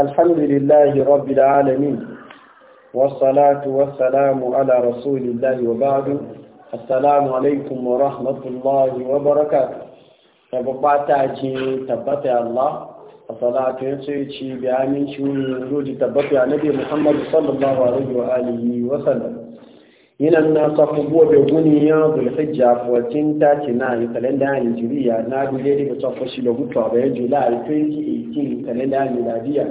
الحمد لله رب العالمين والصلاة والسلام على رسول الله وبعد السلام عليكم ورحمة الله وبركاته تبقى تبقى الله الصلاة والسلام على رسول الله وبعد تبقى النبي محمد صلى الله عليه وآله وسلم yinan na safu gobe guni ya zulhijja 1439 kalenda ya nigeria na guje daga safu shi da gutuwa bayan july 2018 kalenda ya miladiya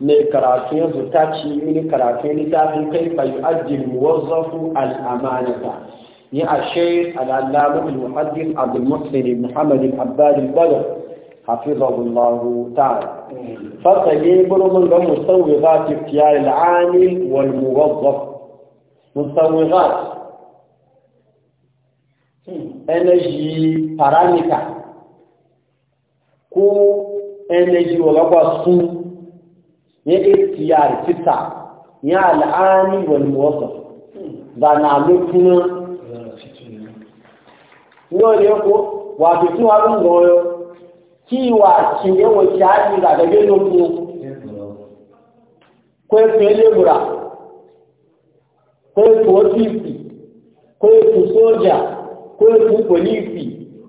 ne karatu yanzu ta ci mini karatu ni ta fi kai fa yu'ajjil muwazzafu al-amanata ni a shaykh al-allama al-muhaddith abdul muslim muhammad al-abbad al-badr حفظه الله تعالى فصلي بلغ المستوغات اختيار العامل والموظف musawwirat energy parameter ko energy wa su ya iftiyar fita ya al'ani wal muwassaf da na lokuna yo ne ko wa bi tu harun goyo ki wa ki kó ètò ọ́fíìsì kó ètò sójà kó ètò pòlíìsì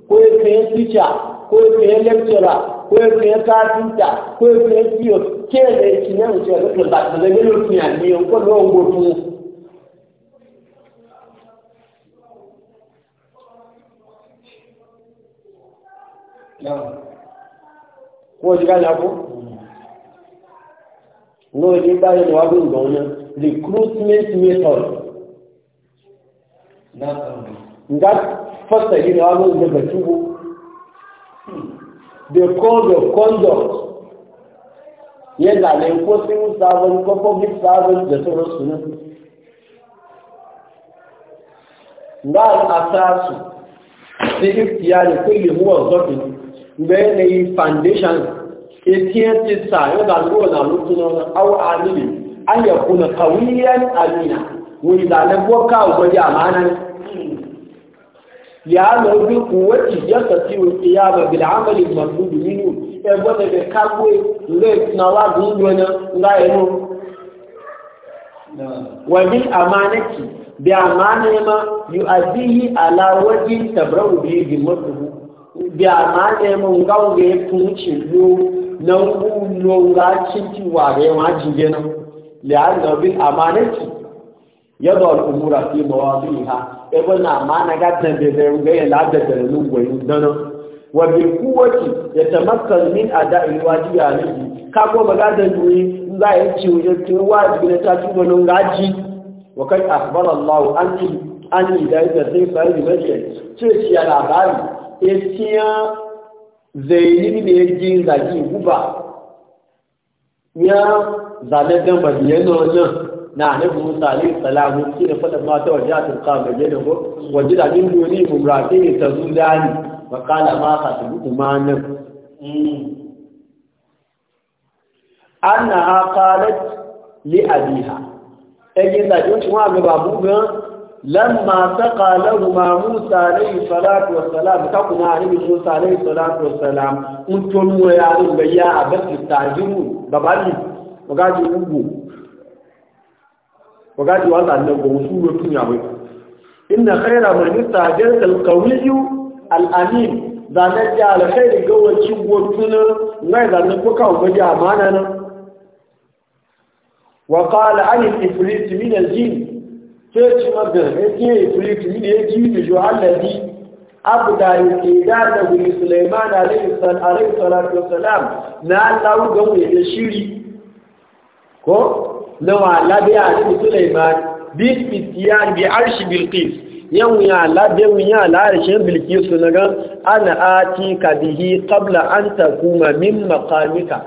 kó ètò yẹn tíṣà kó ètò yẹn lẹ́kítọ̀rà kó ètò yẹn káàtìtà kó ètò yẹn tíyọ̀ kí ẹ̀rẹ̀ ìtìyẹn òṣèlú ẹ̀rọ no ilé báyìí ni wàá bí nǹkan recruitment method. nga fọ́sẹ̀ yìí ni wàá bí nǹkan bẹ̀túbù the code of conduct yẹn là lè kó civil servant kó public servant jẹ sọ̀rọ̀ sùnà. nga àtàtù sí ìfìyà rẹ̀ pé ìlú ọ̀zọ́ kìíní bẹ́ẹ̀ ni foundation. etiyan ti sa yau da ruwa na lutuna na au amini an ya kuna kawiyan amina wani zanen ko kawo gwaji amana ya lo bi kuwaci ya tafi wa kiyama bil amali mandub minu e gwada da kagwe le na wa dunjo na nga Wani wa bil amanati bi amana ma yu'adhihi ala wajen tabrau bi bi madu bi amana ma ngawo ge tunci lo na nuna cikin ware wa jige nan liyar da bin yadda al'umura fi zuwa ha ebe na amana gatan da zai ruga yin da dana wa kowace ya tamakkar min a da'in waji ya nufi ka ko ba duri za a yi ciwo ya turu wajibi na tafi wani gaji wa kai an yi da zai da mace ce ciya labari ya ciya zaini ne ji zagi guba ya zane dan madiyana wannan na annabi Musa alayhi salamu shi da fada ma ta wajiya ta ka bayyana da ko wajida min duni mumrati ne ta zudani wa qala ma ka tubu manan annaha qalat li abiha ege da jin wa ga babu gan lamma saqa lahuma musa alayhi salatu wassalam ka kuma annabi musa alayhi salatu wassalam un tonu ya rin bayya abati tajimu babali wagaji ugu wagaji wa nan gomu su rutun ya bai inna khayra man istajarta alqawiyyu alamin da na ja alkhairi gawaci gotuna ngai da nan kuka ubaji amana nan وقال عن الإفريت من الجن sai ci maga yake ifrit ne ya ji da juhalladi abu da yake da da wuri suleiman alaihi wasalam na allah ga mu ya shiri ko na wa labiya ne suleiman bi fitiyan bi arshi bilqis yau ya labe mu ya larishin bilqis na ga ana ati ka bihi qabla an takuma min maqamika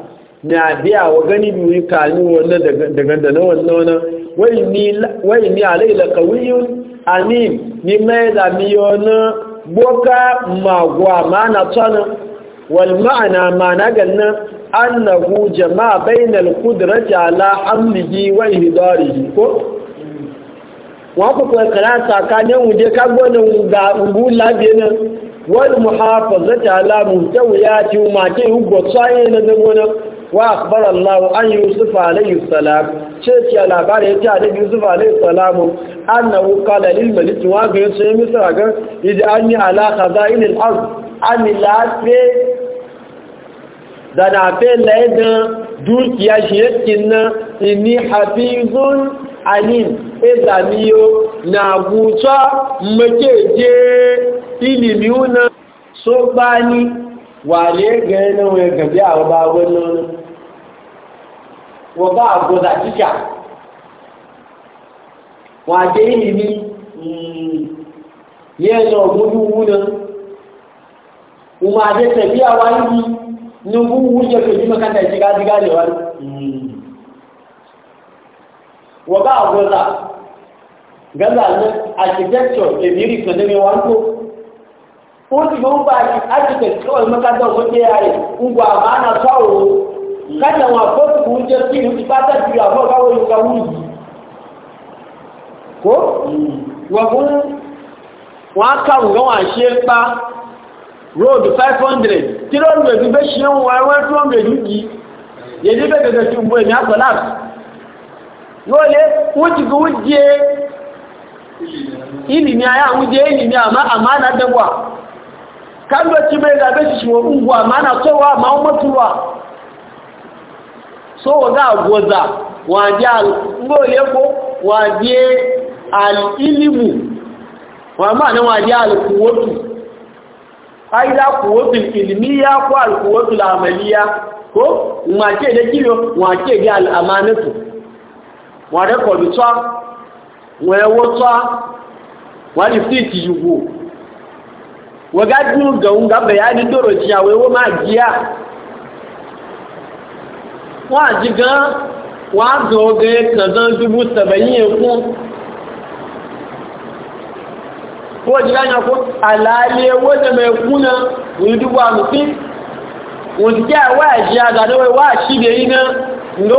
na biya wa gani biyu kani wannan daga daga da wannan wai ni alaila kawiyun amin ni mai da miyonu boka magwa mana tsanin wal ma'ana mana ganna annahu jama'a bainal qudrati ala amlihi wa ihdarihi ko wa ku ko kala tsakanin wuje ka gonin ga ngula bene wal muhafazati ala muhtawiyati ma ke hugo tsayin na gona wa akbar Allah an Yusuf alayhi salam ce ce labarin ta da Yusuf alayhi salam annahu qala lil malik wa ga yace misra ga idani ala khaza'in al ard an la fe da na fe laida dukiya shi yakin na inni hafizun alim ezamiyo na guta makeje ilimi una so bani wàlẹ́ gẹ̀ẹ́ náà wọ́n gẹ̀ àwọn bá wọ́n náà wọ́n bá àgọ́dà jíjà wọ́n àdé yìí ní yẹ́ lọ gbójú wú náà wọ́n máa dé tẹ̀bí àwa yìí ní wú wú jẹ́ pẹ̀lú mẹ́kàtà ìjìgájígá lè wá hmm. wọ́n bá àgọ́dà architecture na kan ní ujiumba ajitekiwa umekata wote yale ungwa maana kwao kata wapotu kuunje pili ukipata pili hapo kwao ukauji ko wakun waka ngo washepa road 500 kilo ndo bibe shin wa wa ndo yuji yedi bebe ga tumbo ni hapo lafu ngole uji guje ili ni aya uje ili ni ama kan da ci bai zabe shi wa unguwa ma na cewa ma ummatulwa so ga goza waje ngole ko waje al-ilmu wa ma na waje al-quwwatu aida quwwatul ilmiya ko al-quwwatul amaliya ko wace da kilo wace ga al-amanatu wa da ko bitwa wa yawta wa lifti yugo waga jin ga unga bayani doro ci awe wo ma jiya wa ji ga wa zo ga kaza dubu 70 ku ko ji ga ko alale wo da mai kuna ni dubu 50 won ti awe ajiya ga do wa shi de ina ndo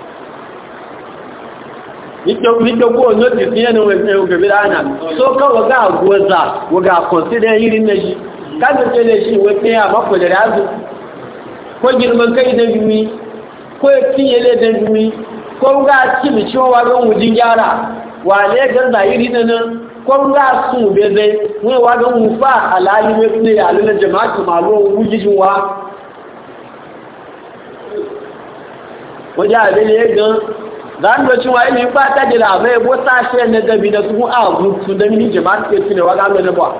nike ko no ti fiye ne wese oge bi ana so ka waga goza waga consider yiri na shi ka da ce ne shi wete a mako da razu ko girman kai da gumi ko tiyele da gumi ko ga ci mi ciwa ga wujin yara wa ne ga zahiri na nan ko ga malo wujin wa wajen abin ya gan zan da cewa ilimin ba ta gida mai wata shi na gabi da su a mutu da mini jama'a ke su ne waga mai nabuwa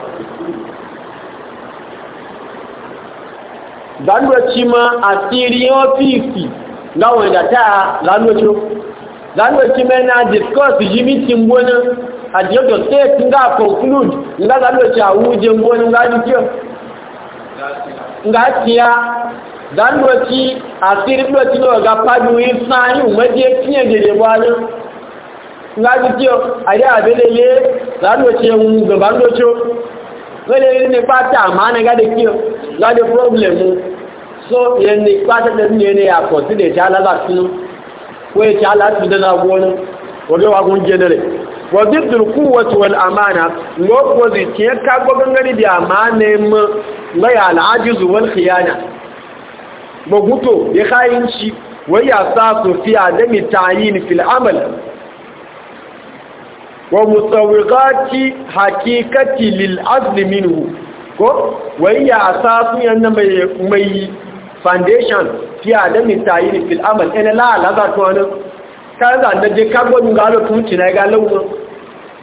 zan da ci ma a siriyan ofisi na wanda ta zan da ci zan da ci mai na discuss jimitin bonin a jiyoto sai tun ga conclude nga zan ci a wujin bonin ga jikin ga tiya dandoci asiri doci lo ga padu yin sanyu maje kiyan dede wani ngaji kiyo ayi abelele dandoci yun gaban doci wale ne pata amana ga da kiyo ga da problem so yen ne pata da ne ne ya ko tide ta la ba sinu ko ya la su da na gona wato wa jenere wa bidul quwwati wal amana lo ko zai ke ka gogan gari da amana mu mai al ajizu khiyana maguto ya kayan shi wai ya sa sofiya da mitayin fil amal wa mutawirati hakikati lil azli minhu ko wai ya sa su yanna mai foundation fiya da mitayin fil amal ina la’alaza tuwanin za to wani kan da je kago mun ga lo na ga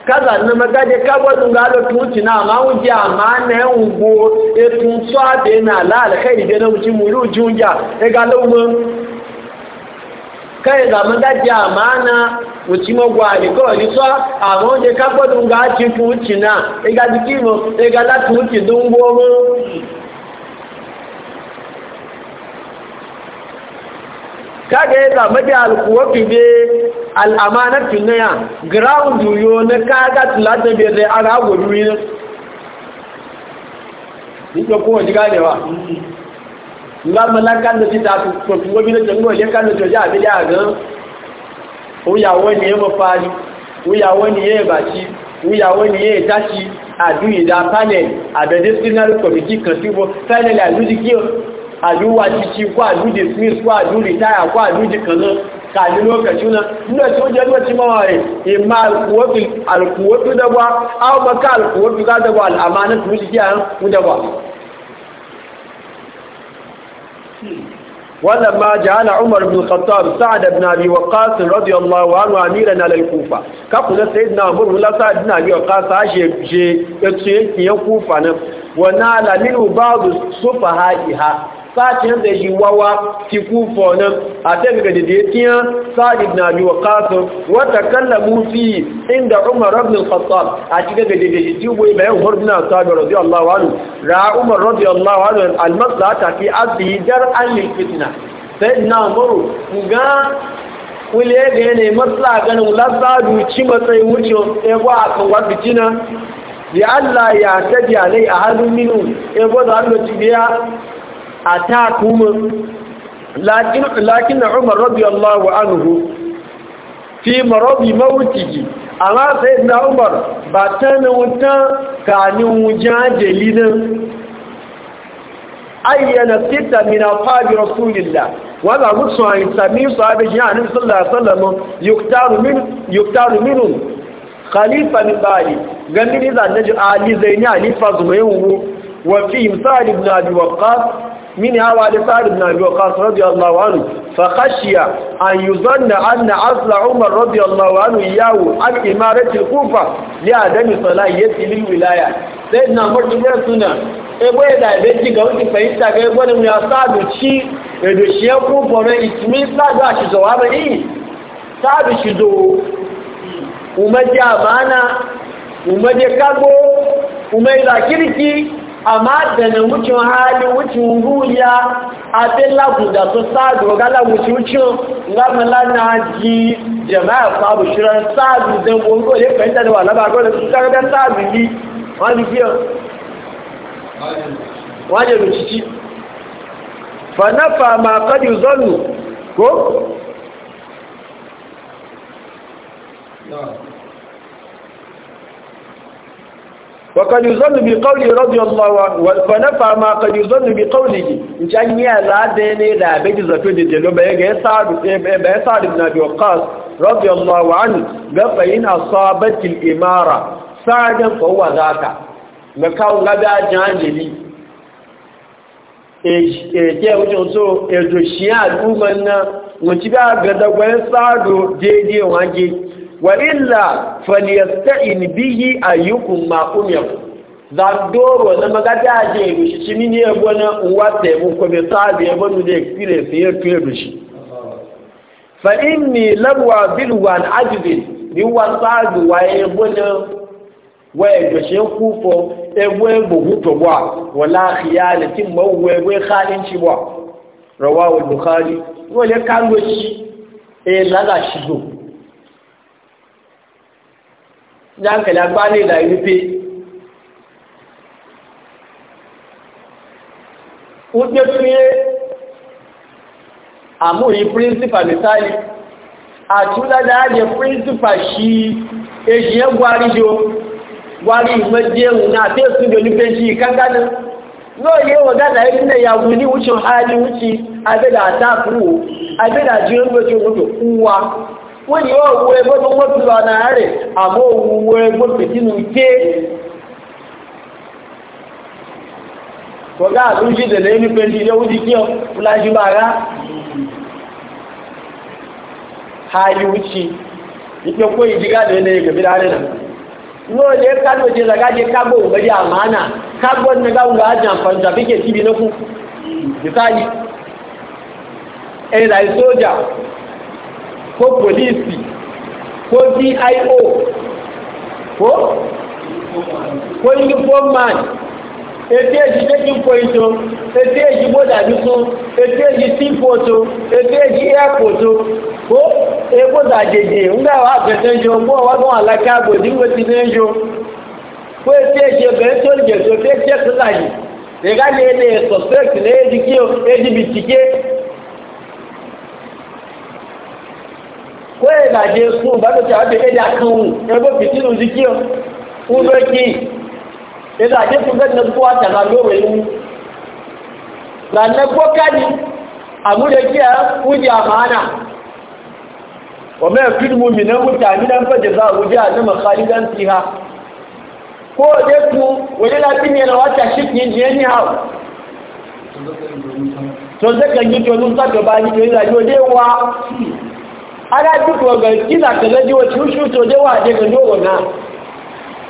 kaza na magaje kabo dun ga lo tuci na ma wuji amma na ungo e tun so ade na la al khairi de na wuji muru junja e ga lo mo kai ga magaje amma na wuji mo gwa ali ko ni so amma je kabo dun ga ti na e ga dikimo e ga la tuci dun mo kaga ya zama da alkuwafi be al'amanar tunaya ground yoyo na kaga tulata biyar da an hago duni na nike kowa ji ganewa lamala kan da ci ta tuntun gobi na jangon ya kan da coji a bi da gan wuyawo ne ya mafari wuyawo ne ya baci wuyawo ne ya tashi a duniya da panel a da disciplinary committee kan tubo panel a lujikiyar àlúwà títí kó àlú dismiss kó àlú retire kó àlú dìkanná kàlí lókàtí náà nígbà tí ó jẹ́ ló ti máa rẹ̀ ìmá alùkùwótú dẹ́gbà àwọn ọmọ ká alùkùwótú ká dẹ́gbà àmà ní tùmí títí àrùn fún dẹ́gbà ولما جعل عمر بن الخطاب سعد بن ابي وقاص رضي الله عنه اميرا على الكوفه كقول سيدنا عمر لا سعد بن ابي وقاص اشي شي يتشي يكوفه ونال منه بعض سفهائها sashen da yi wawa tiku fonan a taimaka da daitiya sa'id na biyu kasu wata kallabu fi inda umar rabin khattab a cikin da daidai ra umar radiyallahu anhu almasa ta fi asiyi dar an lil fitna sai na muru ga kule ga yanayi matsala ganin lasadu ci matsayin Allah ya tabi alai a minu ebo da hannu atakum lakin lakin umar radiyallahu anhu fi marabi mawtihi amma sayyidina umar ba ta nuta kanin wujajeli nan ayyana sita min afabi rasulillah wala gutsu an sami sahabi jani sallallahu alaihi wasallam yuktaru min yuktaru minhum khalifa min bali gani da naji ali zaini ali fazmayhu wa fi imsal ibn abi waqqas من هوى لسعد بن أبي وقاص رضي الله عنه فخشي أن يظن أن أصل عمر رضي الله عنه إياه عن إمارة الكوفة لعدم صلاحيته للولاية سيدنا عمر بن سنة ebo ẹ̀dà ìbẹ́jì gan ti fẹ̀yí tàbí ẹgbọ́n ni wọ́n sáàdù tí èdè ṣe ń kún fọ̀rọ̀ ìtìmí sáàdù àṣìṣọ́ wà mẹ́rin yìí sáàdù ṣìdò ọmọdé àmàánà ọmọdé kágbó amma da na wucin hali wucin huya a bin laguda su sadu ga laguci wucin lamala na ji jama'a sabu shirar sadu don gongo ne fahimta da wala bago da su kargar sadu yi wani biyan wani rikici fanafa ma kadi zonu ko? وقد يظن بقوله رضي الله عنه فنفع ما قد يظن بقوله جن يا لادني لا بيجي زفين ديلو بيجي سعد بيجي سعد بن ابي وقاص رضي الله عنه قال فإن أصابت الإمارة سعدا فهو ذاك مكاو لبا جانجلي eje wajen so ejo shiya al'umman na wacce ba ga dagwayen tsado daidai wajen wa'illa falyasta'in bihi ayyukum ma umir dan doro na magada je rushi shi mini ya gona uwa ta yabo ko be ta da yabo da experience ya tuye rushi fa inni labwa bil wan ajd ni wa sadu wa ya gona wa ya gashe kufo e gwe bugu to gwa wala khiyalatin mawwe gwe khalin shi gwa rawahu bukhari wala kan goshi e laga shi jáǹkẹ̀lẹ̀ agbálé ìlà wípé ó jẹ́ pé àmúrí príncipà mìsáàlì àtúndádá ajẹ́ príncipà sí èṣìyẹ́ gwari jo gwari ìmẹ́jẹun náà tí ó súnjọ ní pẹ́ṣì kánkánà náà yẹ́ wọ̀ dáadáa ìpínlẹ̀ yàwó ní wúṣọ hali wúṣi abẹ́dà àtàkùrù abẹ́dà jí ó ń gbẹ́ wọ́n ni yóò wo ẹgbẹ́ tó wọ́n ti lọ náà rẹ̀ àmọ́ òun wo ẹgbẹ́ tó sínú ké kọ̀gá àtúnṣe tẹ̀lé ní pẹ̀lú ilé ó ti kí ọ fúlájú bá rá hali wuce ike ko ijiga da yanayi ga bidare nan no ne ka do je zaga je kago ubari amana kago ne ga unga ajan fanja bike tibi na ku misali eh dai soja ko polisi ko dio ko ko uniform man ètè èjì taking point o ètè èjì bódà tuntun ètè èjì seaport o ètè èjì airport o kó ebódà jèjì ńgbà wà fẹsẹ̀ jọ bó wà gbọ́n àlàkà àgbòdì ńgbè ti ní jọ kó ètè èjì obìnrin tó lè jẹ̀sọ̀ tó ètè ètò láyè lè ká lè lè suspect lè èdìkí o èdìbìtìké ko ya gaje su ba ta tafi da da kan wu ya ba fitinu zikiyo ku doki ya gaje su ga nan kuwa ta ga lowe yi ran na ko kani amu da kiya ku ji amana wa ma yakul mu'mina mutaminan fa jazaa'u jahannama khalidan fiha ko da ku wani lafi ne na wata shikin je ni hawo to zaka yi to nun ta gaba ni to yi da yo dewa ana duk wagar kila ka zaji wa cushu to je wa je gano wana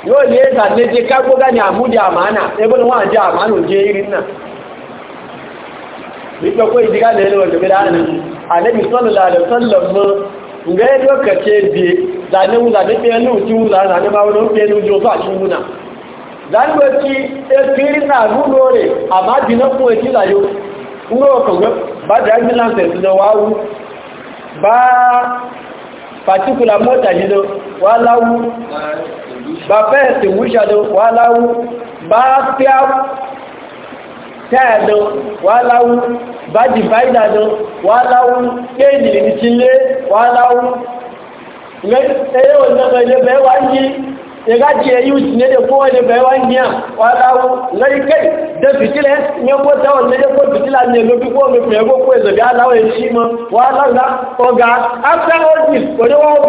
yau ne ya zane je ka goga ne a mudi amana ya gudun wa je amana je irin nan duk da kawai jiga da yalwa game da hannun annabi sallallahu alaihi wasallam mu ga ya lokace bi zane mu zane fiye nu ci mu zane zane ba wani fiye nu ba particular mota jido wa lawu ba fẹ́ẹ̀sì wúṣàdó wà láwú bá pẹ́à tẹ́ẹ̀dó wà láwú bá dìbáìdàdó wà láwú kéèdì ìrìntílé wà láwú ẹ̀yẹ́ òṣèlú ẹ̀yẹ́ bẹ́ẹ̀ ya gaji ya yi wuce ne da kowane baiwan niya wadawu lari kai da fitila ne ko tawon ne da ko fitila ne lobi ko mai fego ko ya zabi alawa ya shi ma wadawu na oga after all this ko ne wawo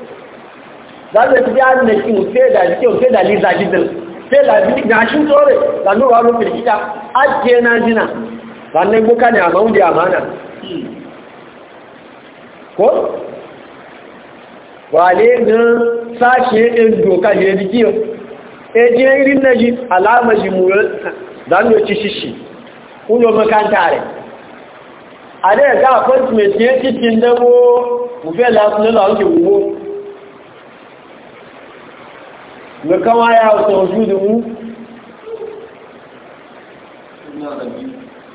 za ta fi jihar da kin sai da kyau sai da liza gizil sai da bi na shi tsore da nura rufe rikita ake na jina sannan buka ne a maudi amana ko wale na sashe ɗin doka ne da kiyo e jiyan irin alama ji mu zanu ci shishi kunyo makanta re a ne ga appointment ne cikin dabo mu fe ga kama ya wata wasu da mu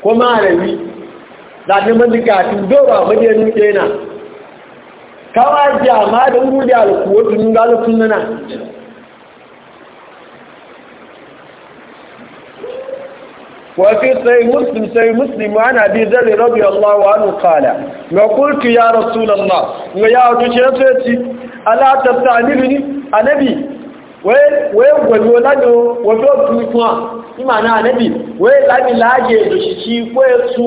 kuma rabi da ta mazika tun dora nuke na kawa jama da wuri da alkuwa tun galafin nana وفي صحيح مسلم صحيح مسلم عن ابي ذر رضي الله عنه قال وقلت يا رسول الله ويا رسول الله الا تستعملني النبي wẹ́ẹ̀wẹ̀lú ọlájọ́ wọ́fẹ́ òkú fún à níma náà nẹ́bì wẹ́ẹ̀ láti láàájẹ̀ ìdòṣìṣì kó ẹ̀sù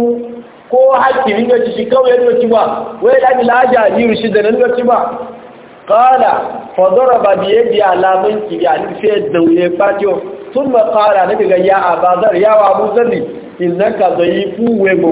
kó hàkì nínú ìṣìṣì kọ́wẹ́ nínú ti wà wẹ́ẹ̀ láti láàájẹ̀ ní ìrìṣìdẹ̀ nínú ti wà kọ́ọ̀lá fọ̀dọ́rọ̀ bàbí ẹbí alámọ́ ìkìrí ànífẹ́ dẹ̀wẹ̀ pàtíọ̀ tún mọ̀ kọ́ọ̀lá níbi ga ya àbázar yáwà abúzẹ́lì ìnákàzọ̀ yìí fún wẹ́gbọ̀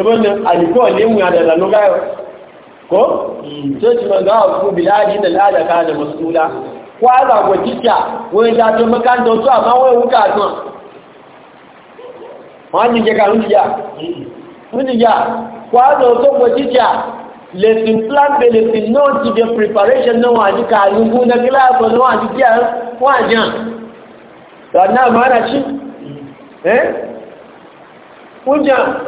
ibn aliko ne mu da lanu gayo ko to ci man ga ku biladi da lada ka da masula kwa za go tikya wai da to makan da to amma wai wuka to wani je ka ruji ya ruji kwa da to go tikya le tin plan be le tin no ti de preparation no wa ji ka lungu na kila ko no wa ji ya wa jan da na mara shi eh Unja,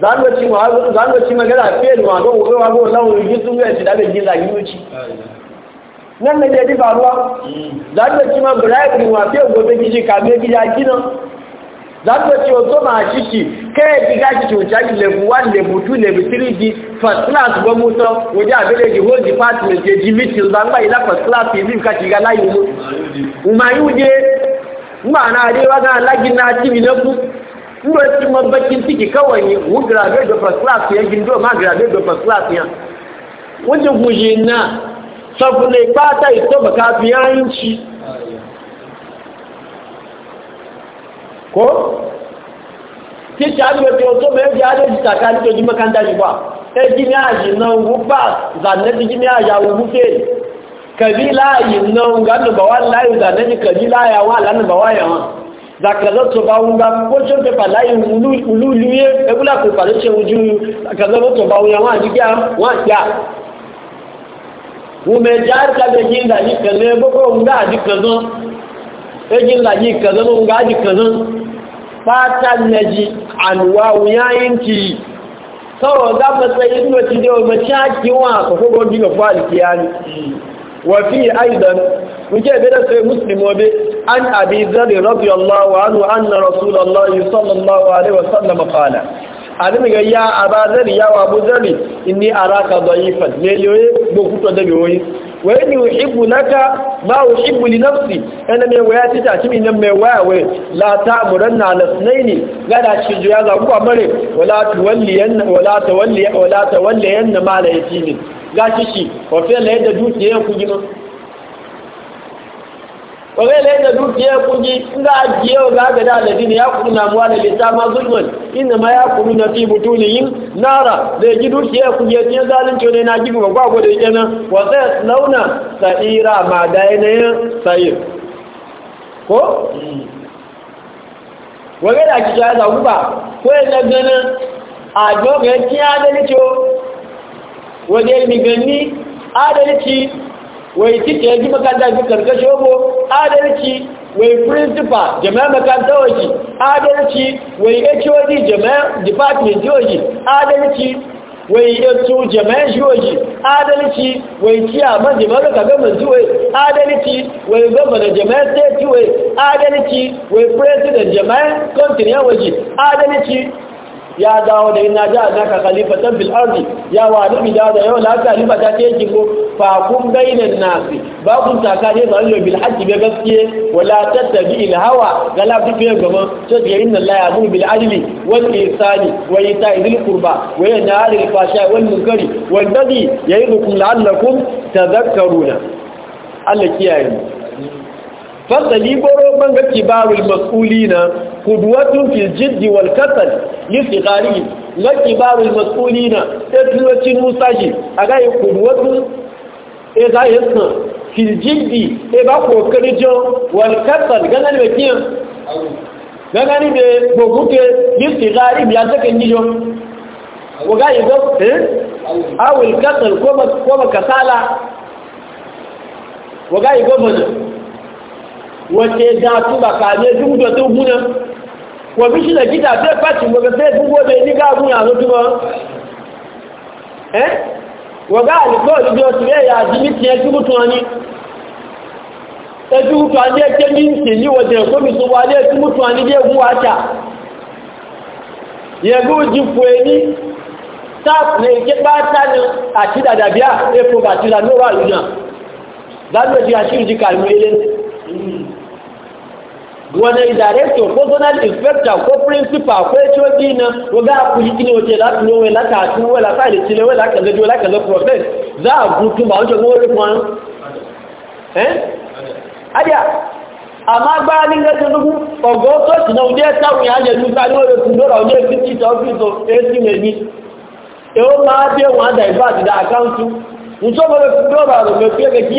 zangoci magana fiye da wagon wuri wagon launin yi sun yanci da abin da yiwuci nan da jadi faruwa zangoci ma bribe wa fiye gobe gishi kame gida gina zangoci wato ma shishi kai fi gashi cuta ki lebu 1 lebu 2 lebu 3 di first class ba musa waje a bere di whole department je ji mitin zangba ila first class fi zim kashi ga layi mu umaru je mba na arewa ga lagin na cibi na ku ndo ti ma bakin ciki kawai ne mu graduate de first class ya gindo ma graduate de first class ya wajen guje na sabu ne fata ito ba ka biyanci ko ti ti alu ti o to me bi alu ti taka ni to ji makanta ji ba e ji ni aji na wu ba za ne ji ni aya wu ke kabila yi na nga no ba wa lai za ne kabila ya wa la no ba wa ya wa zakaloto ba wunga kojo pe palai ulu luye egula ko palo che uju zakaloto ba wunga wa jiga wa ja umejar ka de jinda ni kale boko unga di kazo ejin la ni kazo unga di kazo fata naji anwa uyayin ki sawo da ba sai inda ti de o ma cha ki wa ko ko bi ga fali kiyani wa fi aidan وجاء بنفسه مسلم وبه عن أبي ذر رضي الله عنه أن رسول الله صلى الله عليه وسلم قال alimi ga ya aba zari ya wa abu zari inni araka dhaifan ne yoye bo kuto da yoye wa inni uhibbu laka ma uhibbu li nafsi ana me waya ti ta kimi nan me waya we la ta'muranna ala sunaini gada ci juya ga ku amare wala tuwalliyanna wala tawalli wala tawalliyanna ma la yatimin gashi shi wa la yadda dukiyan ku gima kawai da yadda dukiya ya in za a jiye gada a da ne ya kudu na muwa da lita ma zulman inda ma ya kudu na fi mutuniyin nara da yaji dukiya kuji ya tiyan zalunci ne na gibi ga gwagwa da yake nan wasa launa sa'ira ma da yanayin sa'ir ko wani da ko wajen adalci wai kike ji makanta ki karkashe ko adalci wai principal jama'a makanta waje adalci wai HOD jama'a department waje adalci wai yato jama'a shoji adalci wai kiya mazi maraka gama zuwa adalci wai gama da jama'a state wai adalci wai president jama'a country waje adalci ya dawo da ina ja naka khalifatan fil ardi ya wa nabi da da yau la khalifa ta ce ki ko fa kun bainan nasi ba kun taka ne zan lo bil haqqi be gaskiye wala tattabi al hawa gala fi be gaban to da inna la ya'muru bil adli wal ihsani wa ita'i dhil qurba wa yanha 'anil fahsha'i wal munkari wal baghi ya'idukum la'allakum tadhakkaruna Allah kiyaye mu fasali goro banga kibarul mas'ulina qudwatun fil jiddi wal kasal li sigari la kibarul mas'ulina e tatluwacin musaji aga yi e qudwatun e za yi e sun fil e ba kokari jo wal kasal ganan me kiyan ganan be goguke li sigari biya zakan gijo waga yi go eh awul kasal ko ko kasala waga yi wace da su ba ka ne duk da su guna wa bishi da gida sai fashi ba ga sai duk wanda ni ga guna zo tuba eh wa ga alko da su ya ya ji miki ya tubu tuani eju tuani ke min ke ni wa da ko mi so wa le tubu tuani de gu acha ye gu ji fueni tap ne ke ba tanu ati dada bia e ko ba ti la no wa wani director personal inspector ko principal ko HOD na waga ku yi kini wace lati ne wai lati atu wai lati ali cile wai lati kaza wai lati kaza process za a gutu ba wajen wani kwan eh adiya àmá agbára ní gẹ́gẹ́gẹ́gún ọ̀gọ́ tó ti náà jẹ́ táwọn ìyájẹ̀ ní ìgbà ní ọ̀rẹ́ tí lọ́rọ̀ ní èsì títà ọ́fíìsì èsì mẹ́bí èó máa bí ẹ̀wọ̀n àdà ìbá àti dà àkáǹtù ìṣọ́bọ̀rẹ̀ fún lọ́rọ̀ àrùn mẹ́fí ẹgbẹ̀ kí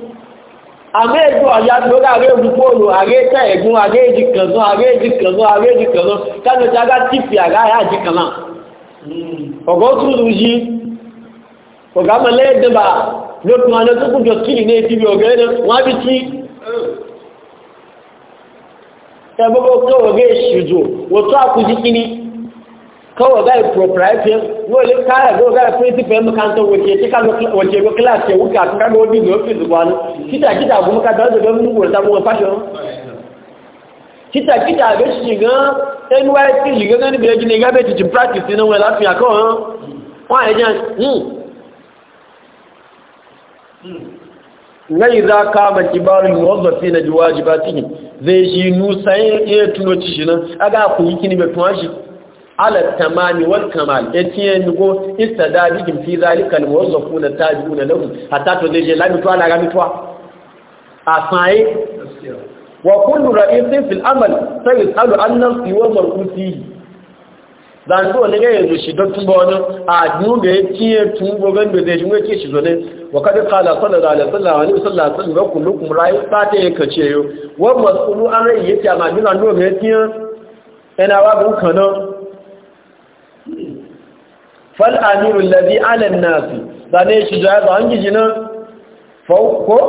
àmẹ́ẹ̀dù ọ̀yá tó dáre olùgbòòlù àrẹ́ẹ̀kẹ́ ẹ̀gún àrẹ́ẹ̀dì kànzán àrẹ́ẹ̀dì kànzán àrẹ́ẹ̀dì kànzán kánàtí agá tífì àráyàjì kanáà ọ̀gọ́ túnrù yí ọ̀gámẹ́lẹ́ẹ̀dẹ́bà lókun alẹ́túnkùnjọ kílì ní ìdíbi ọ̀gẹ́rẹ́ wọ́n bí tí ẹgbogbo kọ́ ọ̀gẹ́ ìṣìjò wọ́n tó àkùjí kíní kawai ga proprietor yau le kaya zo ga principal makarantar wace kika wace go class ke wuka kan ga wani go office gwanu kita kita go maka da ga mun go ta go fashion kita kita ga shi ga NYC ga ga ni be ni ga be ti practice hmm. ni wala fi akọ han wa e jan hmm na idza kama kibaru muwazzafina biwajibatihim zai shi nusa ya tuno ci shi nan aga ku yi kini be tuwa shi ala التمام والكمال kamal etiyen go istada في ذلك الموظفون al لهم حتى تجي لا to deje la mitwa la mitwa asai wa kullu ra'isin fil amal dan so ne yanzu shi don tun ba wani a duniya ya ciye tun gogon da zai jinwe ke shi zo wa kada kala sallallahu alaihi wasallam wa sallallahu alaihi wasallam kullukum ra'i ta ta yake ce yo wa masulu an ra'i yake amma duniya no ga tiye ina wa gun kanon fal amirul ladhi ala an-nas zane shi ja da hangi jinan fauko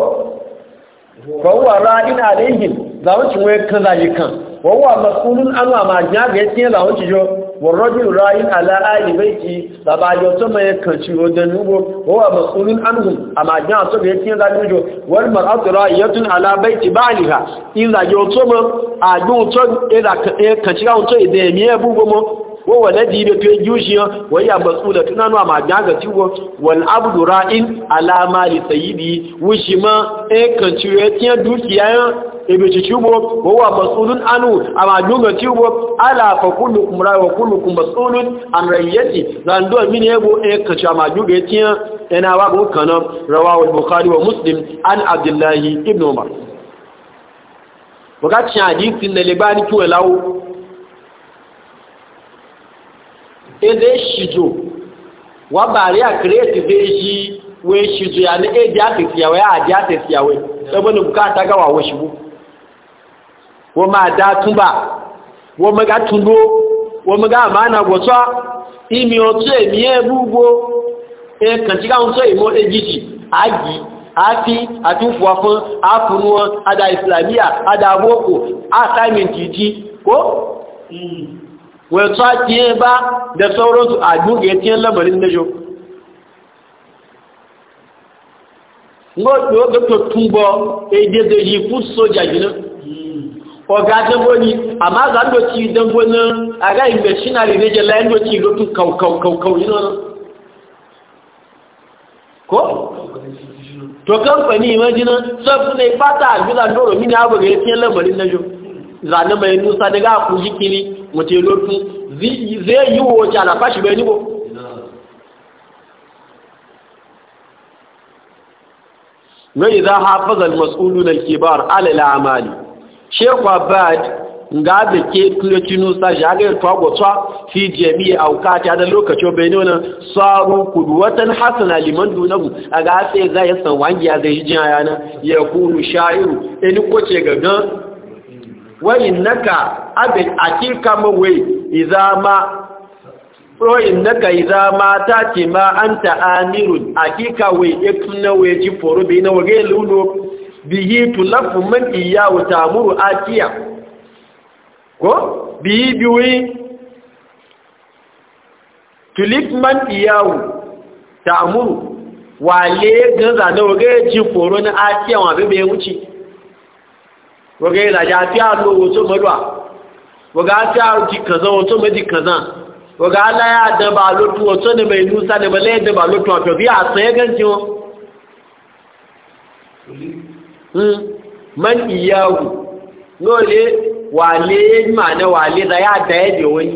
fawwa ra'in alaihim zawo cin waye kan zai kan wawa mas'ulun an wa ma ya ga yake zawo ci jo warrajul ra'in ala ali baiti da ba jo to mai kan ci rodan nubo wawa mas'ulun ma amma ya to ga yake zawo jo wal mar'atu ra'iyatun ala baiti baliha in da jo to ma a jo to e da kan e ci ga to e da mi e bu gomo wa waladi da tuye jushiya wa ya masula tunanu a majiya ga ciwo wal abdu ra'in alama li sayidi wushi ma e kan ciwo tiyan dukiya yan ebe ci ciwo wa wa masulun anu a majiya ga ciwo ala fa kumra wa kullu kum rayyati zan do mini ebo e kan ciwo majiya ga tiyan ina e wa kanan rawahu al-bukhari wa muslim an abdullahi ibn umar wakati hadisi na libani tuwe lawo ede shizo wabari a kireti zai shi wai shizo ya na e edi ati siyawe a adi ati siyawe ebe ni bukata gawa wa shigo wọ́n máa dá túnbà wọ́n mẹ́gá túnbó wọ́n mẹ́gá àmàánà gbọ̀tọ́ imi ọ̀tọ́ èmì ẹgbúgbó ẹkàntíká ń tọ́ ìmọ́ ejìjì ágì àti àtúnfọ́fún àfúnwọ́n adá islamiyya adá àwọ́kò assignment ìjí kó wai tsakiye ba da sauransu a duk ya tiyan lamarin na jo ngo to tubo e de de yi fu soja jina o ga de boni ama ga do ti de boni aga imbe shina ri de la ndo ti go tu kau kau kau kau yino ko to company imagine sabu ne pata ajula ndoro mini abu ga tiyan lamarin na jo zane mai nusa daga ku jikiri mace lotu zai yi wace alafashi bai nigo mai za hafazar mas'ulu na kibar alala amali shekwa bad ga da ke tuloci nusa shi aga yi twa fi jami'i aukata da lokacin bai nuna tsaro kuduwatan na liman dunagu a ga hatsi za ya san wangiya zai yi yana ya kuru sha'iru ɗin kwace gan. wayin naka abin akika mawai izama royin naka izama ta ce ma an ta'amirun akika wai ikuna wai ji foro bai na wage lulo biyi tulafu man iya wata muru akiya ko biyi biyu tulip man iya ta amuru wale ganza na wage ji foro na akiya wa bebe wuce wọ́n gẹ́ ìlàjà àti àlò owó tó mọ́lúwà wọ́n gá àti àrùn ti kàn sán owó tó méjì kàn sán wọ́n gá aláyà àdánbà lótú ọ̀tọ́ nìmọ̀ ìlú sálẹ̀mọ̀ lẹ́ẹ̀dẹ̀bà lótú àtọ̀ bí àtàn ẹgẹ́ tí wọ́n hmm. man iyahu lóòlé wà lé màánà wà lé ra ya da de wọ́n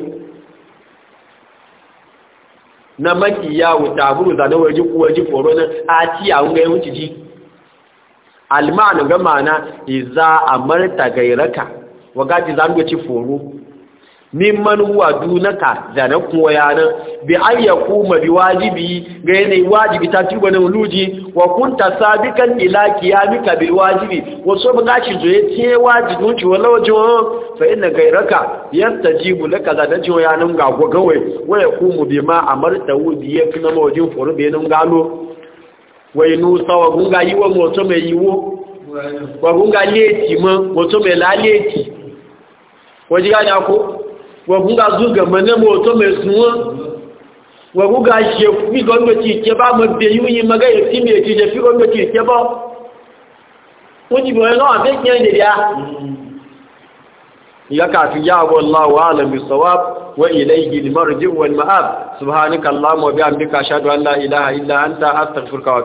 na man iyahu tàbúrù tàbúrù tàbúrù tàbúrù tàbúrù tàbúrù tàbúrù ji. almanu ga mana iza amarta gairaka wagaji za mu ci foro mimman huwa dunaka da na koya nan bi an ya kuma bi wajibi ga yanayi wajibi ta tuba na wuluji wa kunta sabikan ila kiyamika bi wajibi wasu ba gashi zoye ce wajibin ci wala waje wa fa inna gairaka yastajibu laka za na jiwa yanan ga gogawai waya ya kuma bi ma amarta wubi ya fi na mawajin foro bi nan galo wẹ̀yìnú sọ ọ̀gúnga yíwọ́ mọ̀ tó mẹ́ yíwó ọ̀gúnga léèkì mọ́ mọ̀ tó mẹ́ láléèkì wọ́n jí gáyà kó ọ̀gúnga zúgà mọ́ ní mọ̀ tó mẹ́ sún wọ́n ọ̀gúnga ṣe fígọ́gbẹ̀tì ìkẹbá wọ́n jì bọ̀ náà fẹ́ kí ẹ̀yẹ̀ yá ya kafi ya wallahu alam bisawab wa ilayhi al-marji wal ma'ab subhanaka allahumma wa bihamdika ashhadu ilaha illa anta astaghfiruka wa